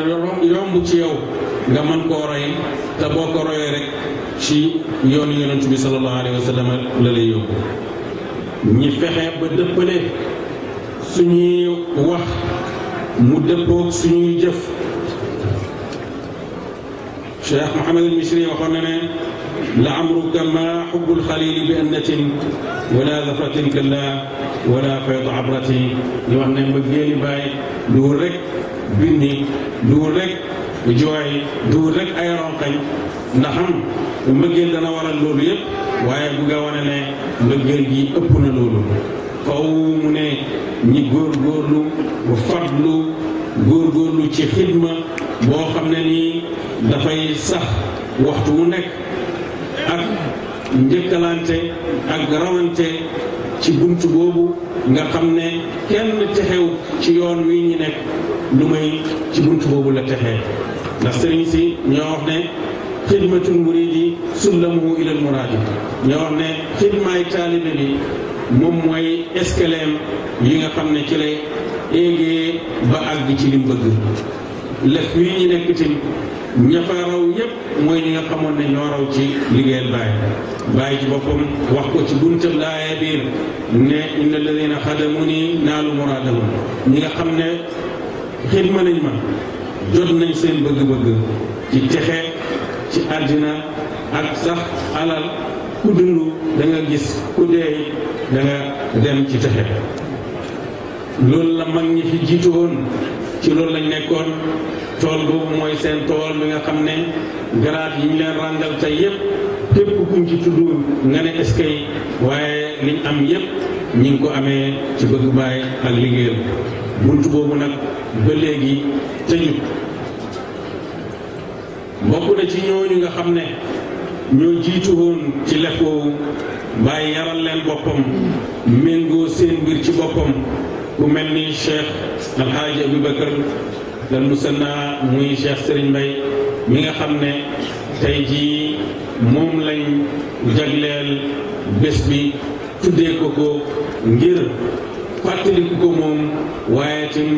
yomb ci yow nga mën koo roy te boo ko royee rek ci yoonu yonent bi sallallahu alayhi wa sallam la lay yóbbu ñi fexe ba dëppale suñuy wax mu dëppoog suñuy jëf cheikh mohamad al misri waxoon na ne la amruka ma xubbul xalili bi annatin wala zafratin kalla wala fayda abrati ñu wax ne mbëggeeli bàyyi duwul rek binni duul rek jooy duul rek ay ronkañ ndaxam mbëggeel dana waral loolu yëpp waaye bugg nga wane ne mbëggeel gi ëpp na loolu faw mu ne ñi góorgóorlu bu fadlu góorgóorlu ci xidma boo xam ne nii dafay sax waxtu wu nekk ak njëkkalante ak rawante ci bunt boobu nga xam ne kenn texew ci yoon wi ñi nekk lu may ci bunt boobu la texee ndax sëriñ si ñoo wax ne xidmatul muridi sullamuhu ilal muraadi ñoo wax ne xidmaay taalibe bi moom mooy escaleem yi nga xam ne ci lay éegee ba àgg ci lim bëgg lef yi ñu nekk tim ñafa raw yépp mooy ñi nga xamoon ne ñoo raw ci liggéeyal bàyyi bàyyi ci boppam wax ko ci buntab laaya biir ne inna alladina xadamu ni naalu muraadahum ñi nga xam ne xidma nañ ma jot nañ seen bëgg-bëgg ci texe ci àddina ak sax alal ku dund da gis ku dee da nga dem ci texe loolu la mag ñi fi jiitu ci loolu lañ nekkoon tool boobu mooy seen tool bi nga xam ne garaat yi ñu leen ràngal tey yépp képp kuñ ci tudd nga ne eskay waaye liñ am yépp ñi ngi ko amee ci bëgg bàyyi ak liggéeyam bunt boobu nag ba léegi tëju bokk na ci ñooñu nga xam ne ñoo jiitu woon ci lef woowu yaral leen boppam méngoo seen mbir ci boppam ku mel ni cheikh alhaaji aboubacar dal musanna muy cheikh sëriñ mbay mi nga xam ne tey jii moom lañ jagleel bés bi tuddee ko ko ngir fàttaliku ko moom waaye tam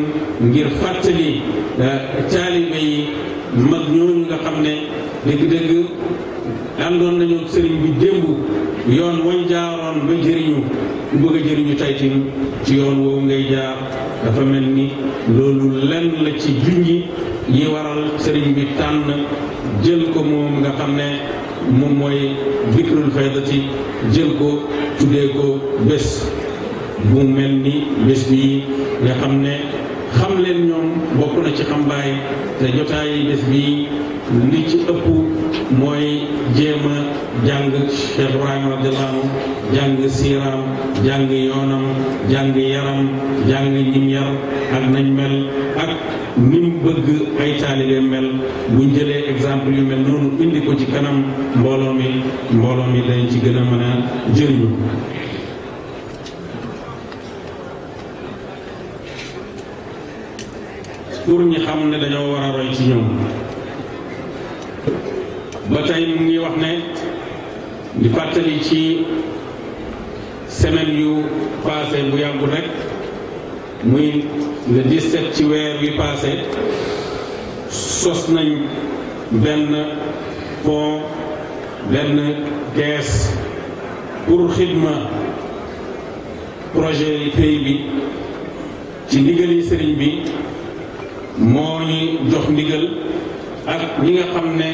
ngir fàttali eh, taalibe yi mag ñooñu nga xam ne dëgg-dëgg àndoon nañu sëriñ bi démb yoon wañ jaaroon ba jëriñu ku bëgg a jëriñu tey ci yoon woowu ngay jaar dafa mel ni loolu lenn la ci junj yi waral sëriñ bi tànn jël ko moom nga xam ne moom mooy zikrul faydati jël ko tuddee ko bés bu mel ni bés bii nga xam ne xam leen ñoom bokk na ci xambaay te jotaay bés bii li ci ëpp mooy jéem a jàng Cheikh Ibrahima radiyallahu anhu jàng siiraam jàng yoonam jàng yaram jàng ñim ak nañ mel ak ni mu bëgg ay taalibe mel buñ jëlee exemple yu mel noonu indi ko ci kanam mbooloo mi mbooloo mi dañ ci gën a mën a jëriñu pour ñi xam ne dañoo war a roy ci ñoom ba tey mu ngi wax ne di fàttali ci semaine yu passé bu yàggul rek muy le set ci weer wi passé sos nañ benn pont benn gees pour xidma projet yi pays bi ci ndigali sëriñ bi moo ñu jox ndigal ak ñi nga xam ne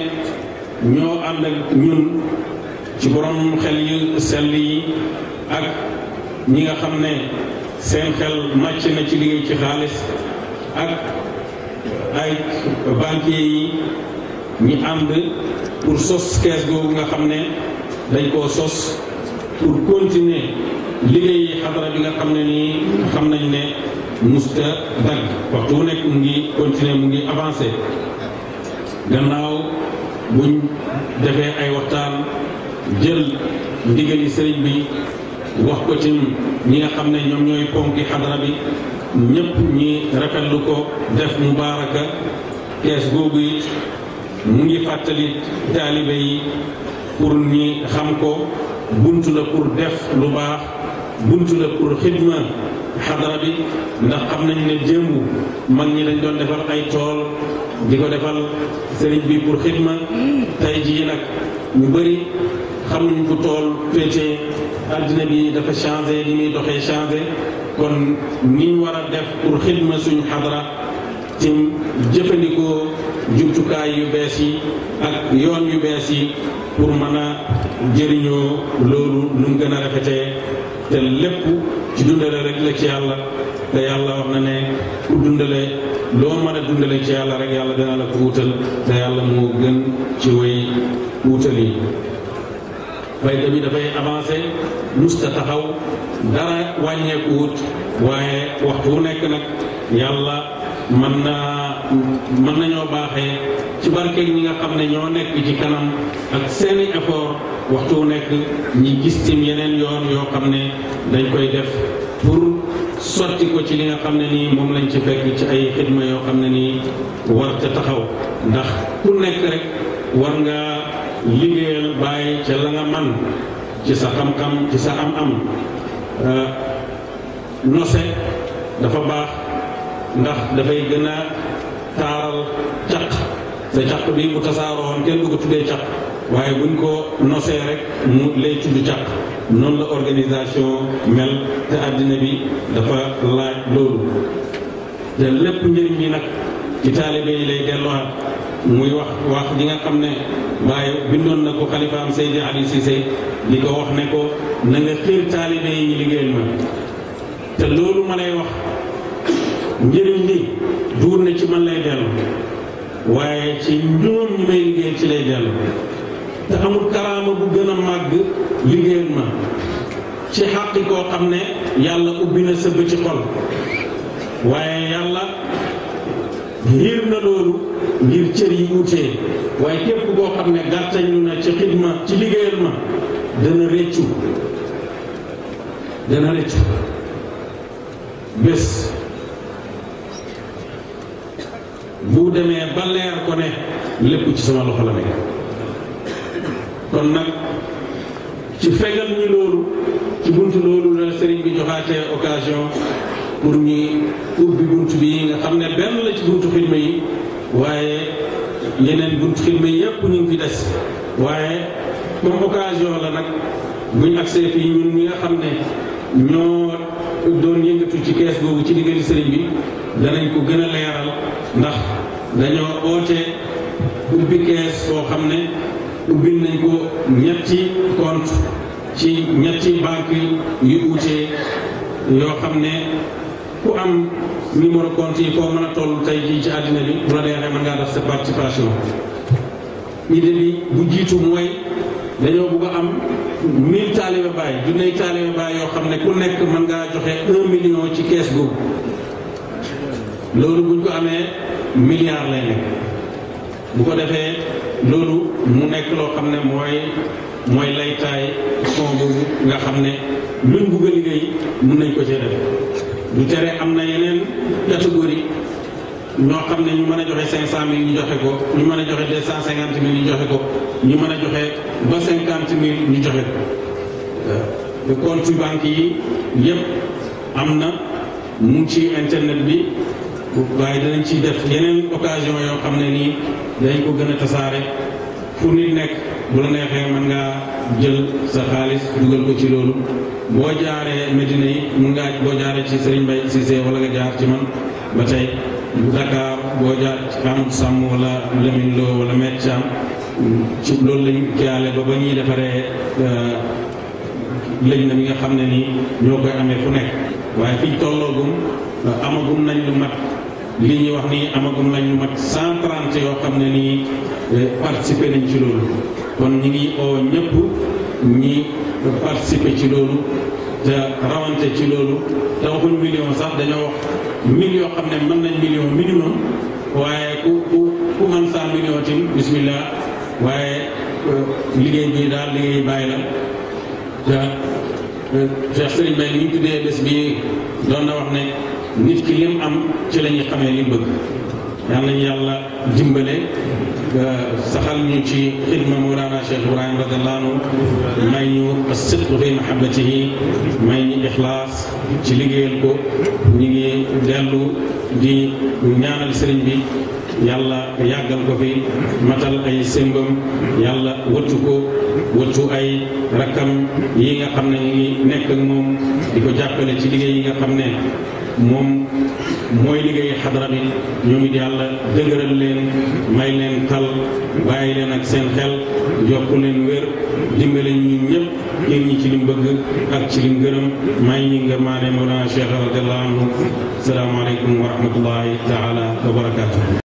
ñoo ànd ak ñun ci borom xel yu sel yi ak ñi nga xam ne seen xel màcc na ci liggéey ci xaalis ak ay banquiers yi ñu ànd pour sos kees googu nga xam ne dañ koo sos pour continuer liggéey yi xadara bi nga xam ne nii xam nañ ne musta dagg waxtu wu nekk mu ngi continuer mu ngi avancé gannaaw buñ defee ay waxtaan jël ndigali sëriñ bi wax ko ci ñi nga xam ne ñoom ñooy ponki xadara bi ñëpp ñi rafetlu ko def mubaaraka kees googu it mu ngi fàttali taalibe yi pour ñi xam ko bunt la pour def lu baax bunt la pour xidma xadara bi ndax xam nañ ne démb mag ñi dañ doon defal ay tool di ko defal sëriñ bi pour xidma tey jii nag ñu bëri xamuñ fu tool féete àddina bi dafa changé li muy doxee changé kon niñ war a def pour xidma suñu xadara ci jëfandikoo jumtukaay yu bees yi ak yoon yu bees yi pour mën a jëriñoo loolu nu mu gën a rafetee te lépp ci dundale rek la ci yàlla te yàlla wax na ne ku dundale loo mën a dundale ci yàlla rek yàlla dana la ko wutal te yàlla moo gën ci way wutal yi fayda bi dafay avancé musta taxaw dara wàññeeku wut waaye waxtu wu nekk nag yàlla mën na mën nañoo baaxee ci barkeeg ñi nga xam ne ñoo nekk ci kanam ak seeni effort waxtu wu nekk ñi gis tim yeneen yoon yoo xam ne dañ koy def pour sotti ko ci li nga xam ne nii moom lañ ci fekk ci ay xidma yoo xam ne nii war te taxaw ndax ku nekk rek war nga lii liggéeyal bàyyi ca la nga man ci sa xam-xam ci sa am-am euh, nose dafa baax ndax dafay gën a taaral caq te caq bi bu tasaaroon kenn du ko tuddee caq waaye buñ ko nosee rek mu lay tudd caq noonu la organisation mel te àddina bi dafa laaj loolu te lépp njëriñ bi nag ci taalibe yi lay delluwaat muy wax wax li nga xam ne bàyyi bindoon na ko xalifaam Seydi Ali Cissé di ko wax ne ko na nga xiir taalibe yi ñu liggéeyal ma te loolu ma lay wax njëriñ li duur na ci man lay dellu waaye ci ñoom ñi may liggéeyal ci lay dellu te amul karaama bu gën a màgg liggéeyal ma ci xàqi koo xam ne yàlla ubbi na sëb ci xol waaye yàlla xiir na loolu ngir cër yi wutee waaye képp koo xam ne gàttañlu na ci xidma ci liggéeyal ma dana réccu dana réccu bés bu demee ba leer ko ne lépp ci sama loxo la nekk kon nag ci fegal ñi loolu ci bunt loolu la sëriñ bi joxaatee occasion pour ñi ubbi bunt bi nga xam ne benn la ci buntu xidma yi waaye yeneen bunt xidma yëpp ñu ngi fi des waaye moom la nag buñ agsee fii ñun ñi nga xam ne ñoo doon yëngatu ci kees boobu ci diggali sëriñ bi danañ ko gën a leeral ndax dañoo oote ubbi kees boo xam ne ubbil nañ ko ñetti compte ci ñetti banque yu uute yoo xam ne ku am numéro compte yi foo mën a toll tey jii ci àddina bi bu la neexee mën ngaa def sa participation idée bi bu jiitu mooy dañoo bugg a am 1000 taalibe baay yoo xam ne ku nekk mën ngaa joxe 1 million ci kees googu loolu buñ ko amee milliard lay bu ko defee loolu mu nekk loo xam ne mooy mooy laytaay son boobu nga xam ne luñ bugg a liggéey mën nañ ko cee def du tere am na yeneen catégorie ñoo xam ne ñu mën a joxe cinq cent mille ñu joxe ko ñu mën a joxe deux cent cinquante mille ñu joxe ko ñu mën a joxe ba cinquante mille ñu joxe ko compte ci banque yi yépp am na mu ci internet bi waaye danañ ci def yeneen occasion yoo xam ne nii dañ ko gën a tasaare pour nit nekk bu la neexee mën ngaa jël sa xaalis dugal ko ci loolu boo jaaree Medina yi mën ngaa boo jaaree ci Serigne Mbaye Cissé wala nga jaar ci man ba tey Dakar boo jaar ci Amadou Samb wala Lamine Lo wala Met loolu lañ jaale ba ba ñuy defaree euh, lëñ na mi nga xam ne nii ñoo koy amee fu nekk waaye fiñ tolloogum euh, amagum nañ lu mat li ñuy wax nii amagum nañ lu mat 130 yoo xam ne nii euh, participer nañ ci loolu kon ñu ngi oo ñëpp ñi participer ci loolu te rawante ci loolu te waxul million sax dañoo wax million xam ne mën nañ million minimum waaye ku ku ku mën cent million tim bismillah waaye euh, liggéey bii daal liggéey bàyyi la te euh, Cheikh Serigne Baye li ñu tuddee bés bi doon na wax ne nit ki lim am ci lañuy ñuy xamee li bëgg yal nañu yàlla dimbale euh, saxal ñu ci xidma Mawlana Cheikh Ibrahim radiyallahu anhu may ñu as fi mahabbatihi may ñu ci liggéeyal ko ñu ngi dellu di ñaanal sëriñ bi yàlla yàggal ko fi matal ay sëmbam yàlla wëttu ko wëttu ay rakkam yi nga xam ne ñu ngi di ko jàppale ci liggéey yi nga xam ne moom mooy liggéey xadara bi ñu ngi yàlla dëgëral leen may leen tal bàyyi leen ak seen xel yokku leen wér dimbale ñu ñëpp yéen ci lim bëgg ak ci lim gërëm may ñi nga maane Mawlana Cheikh radiallahu anhu salaamaaleykum wa rahmatullahi taala wa barakaatu